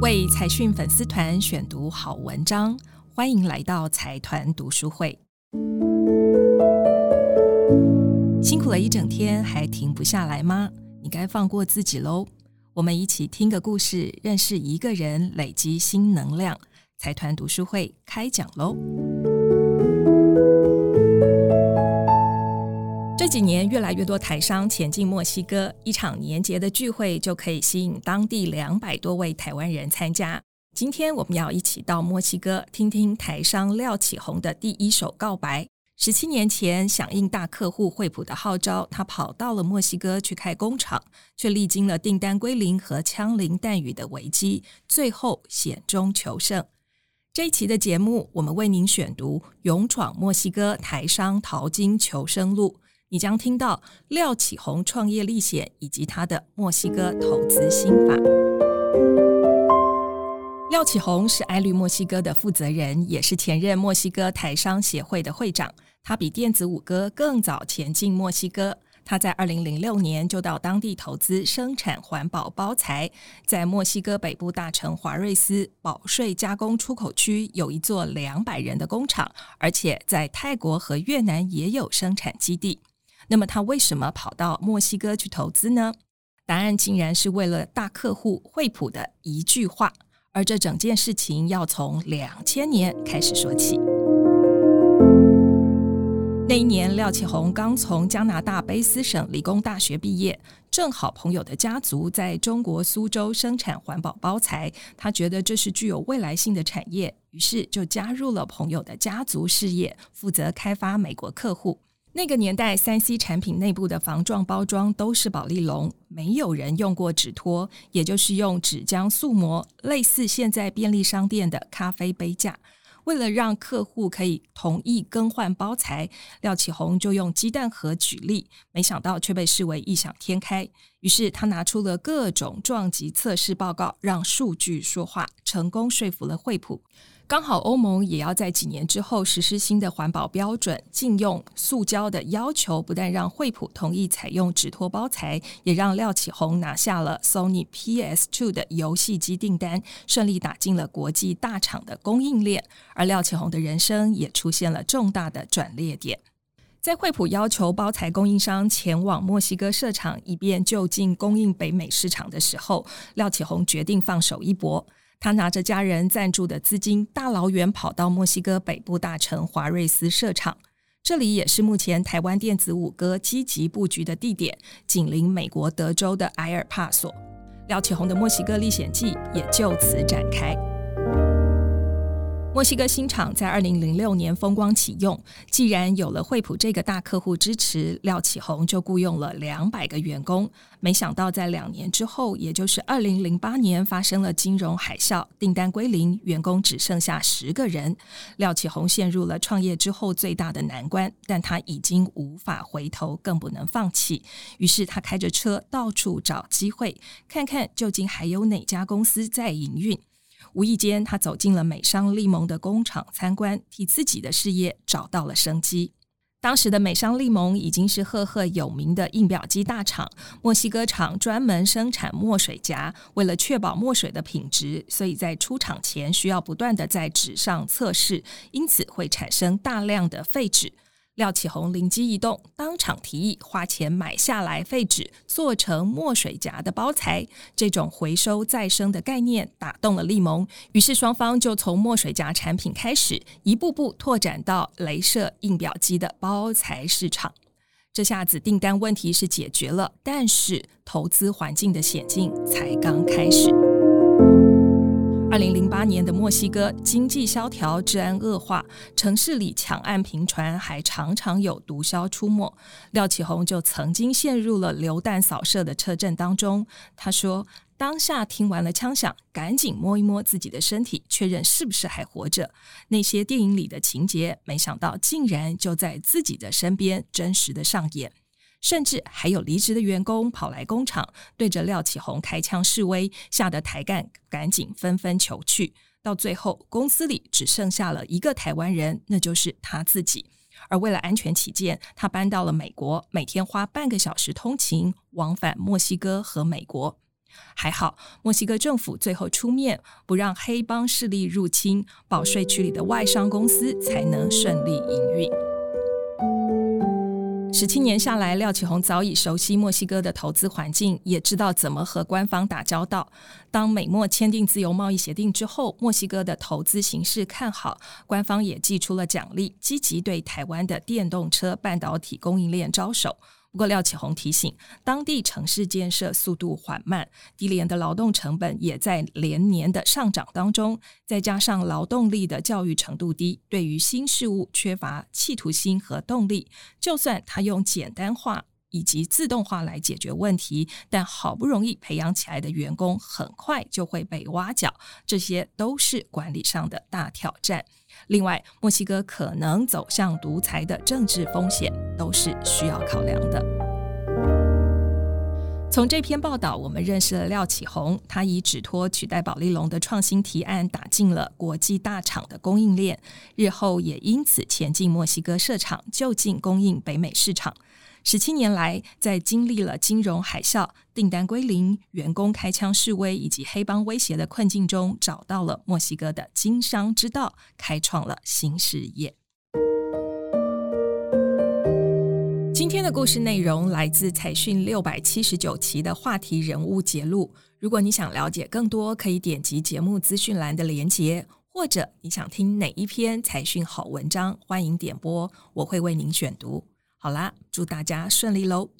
為財訊粉絲團選讀好文章，歡迎來到財團讀書會。辛苦了一整天，還停不下來嗎？你該放過自己嘍！我們一起聽個故事，認識一個人，累積新能量。財團讀書會開講嘍！這幾年，越來越多台商前進墨西哥。一場年節的聚會就可以吸引當地兩百多位台灣人參加。今天，我們要一起到墨西哥，聽聽台商廖啟宏的第一手告白。十七年前，響應大客戶惠普的號召，他跑到了墨西哥去開工廠，卻歷經了訂單歸零和槍林彈雨的危機，最後險中求勝。這一期的節目，我們為您選讀《勇闖墨西哥：台商淘金求生錄》。你將聽到廖啟宏創業歷險，以及他的墨西哥投資心法。廖啟宏是愛綠墨西哥的負責人，也是前任墨西哥台商協會的會長。他比電子五哥更早前進墨西哥。他在二零零六年就到當地投資生產環保包材，在墨西哥北部大城華瑞斯保稅加工出口區有一座兩百人的工廠，而且在泰國和越南也有生產基地。那麼他為什麼跑到墨西哥去投資呢？答案竟然是為了大客戶惠普的一句話。而這整件事情要從兩千年開始說起。那一年，廖啟宏剛從加拿大卑詩省理工大學畢業，正好朋友的家族在中國蘇州生產環保包材，他覺得這是具有未來性的產業，於是就加入了朋友的家族事業，負責開發美國客戶。那個年代，3C 產品內部的防撞包裝都是保麗龍，沒有人用過紙托，也就是用紙漿塑模，類似現在便利商店的咖啡杯架。為了讓客戶可以同意更換包材，廖啟宏就用雞蛋盒舉例，沒想到卻被視為異想天開。於是他拿出了各種撞擊測試報告，讓數據說話，成功說服了惠普。剛好歐盟也要在幾年之後實施新的環保標準，禁用塑膠的要求，不但讓惠普同意採用紙托包材，也讓廖啟宏拿下了 Sony PS2 的遊戲機訂單，順利打進了國際大廠的供應鏈。而廖啟宏的人生也出現了重大的轉捩點。在惠普要求包材供應商前往墨西哥設廠，以便就近供應北美市場的時候，廖啟宏決定放手一搏。他拿着家人贊助的資金，大老遠跑到墨西哥北部大城華瑞斯設廠，這裡也是目前台灣電子五哥積極布局的地點，緊鄰美國德州的埃爾帕索。廖啟宏的墨西哥歷險記也就此展開。墨西哥新廠在二零零六年風光啟用，既然有了惠普這個大客戶支持，廖啟宏就雇傭了兩百個員工。沒想到在兩年之後，也就是二零零八年，發生了金融海嘯，訂單歸零，員工只剩下十個人。廖啟宏陷入了創業之後最大的難關，但他已經無法回頭，更不能放棄。於是他開着車到處找機會，看看究竟還有哪家公司在營運。無意間，他走進了美商利盟的工廠參觀，替自己的事業找到了生機。當時的美商利盟已經是赫赫有名的印表機大廠，墨西哥廠專門生產墨水匣。為了確保墨水的品質，所以在出廠前需要不斷地在紙上測試，因此會產生大量的廢紙。廖啟宏靈機一動，當場提議花錢買下來廢紙，做成墨水匣的包材。這種回收再生的概念打動了利盟，於是雙方就從墨水匣產品開始，一步步拓展到雷射印表機的包材市場。這下子訂單問題是解決了，但是投資環境的險境才剛開始。二零零八年的墨西哥經濟蕭條，治安惡化，城市裡搶案頻傳，還常常有毒梟出沒。廖啟宏就曾經陷入了流彈掃射的車陣當中。他說：“當下聽完了槍響，趕緊摸一摸自己的身體，確認是不是還活着。那些電影裡的情節，沒想到竟然就在自己的身邊真實地上演。”甚至還有離職的員工跑來工廠，對着廖啟宏開槍示威，嚇得台幹趕緊紛紛求去。到最後，公司裡只剩下了一個台灣人，那就是他自己。而為了安全起見，他搬到了美國，每天花半個小時通勤往返墨西哥和美國。還好，墨西哥政府最後出面，不讓黑幫勢力入侵，保稅區裡的外商公司才能順利營運。十七年下來，廖啟宏早已熟悉墨西哥的投資環境，也知道怎麼和官方打交道。當美墨簽訂自由貿易協定之後，墨西哥的投資形勢看好，官方也祭出了獎勵，積極對台灣的電動車、半導體供應鏈招手。不過，廖啟宏提醒，當地城市建設速度緩慢，低廉的勞動成本也在連年的上漲當中，再加上勞動力的教育程度低，對於新事物缺乏企圖心和動力，就算他用簡單化，以及自動化來解決問題，但好不容易培養起來的員工，很快就會被挖角，這些都是管理上的大挑戰。另外，墨西哥可能走向獨裁的政治風險，都是需要考量的。從這篇報道，我們認識了廖啟宏，他以紙托取代保麗龍的創新提案，打進了國際大廠的供應鏈，日後也因此前進墨西哥設廠，就近供應北美市場。十七年來，在經歷了金融海嘯、訂單歸零、員工開槍示威以及黑幫威脅的困境中，找到了墨西哥的經商之道，開創了新事業。今天的故事內容來自《財訊》六百七十九期的話題人物節錄。如果你想了解更多，可以點擊節目資訊欄的連結，或者你想聽哪一篇《財訊》好文章，歡迎點播，我會為您選讀。好啦，祝大家順利嘍。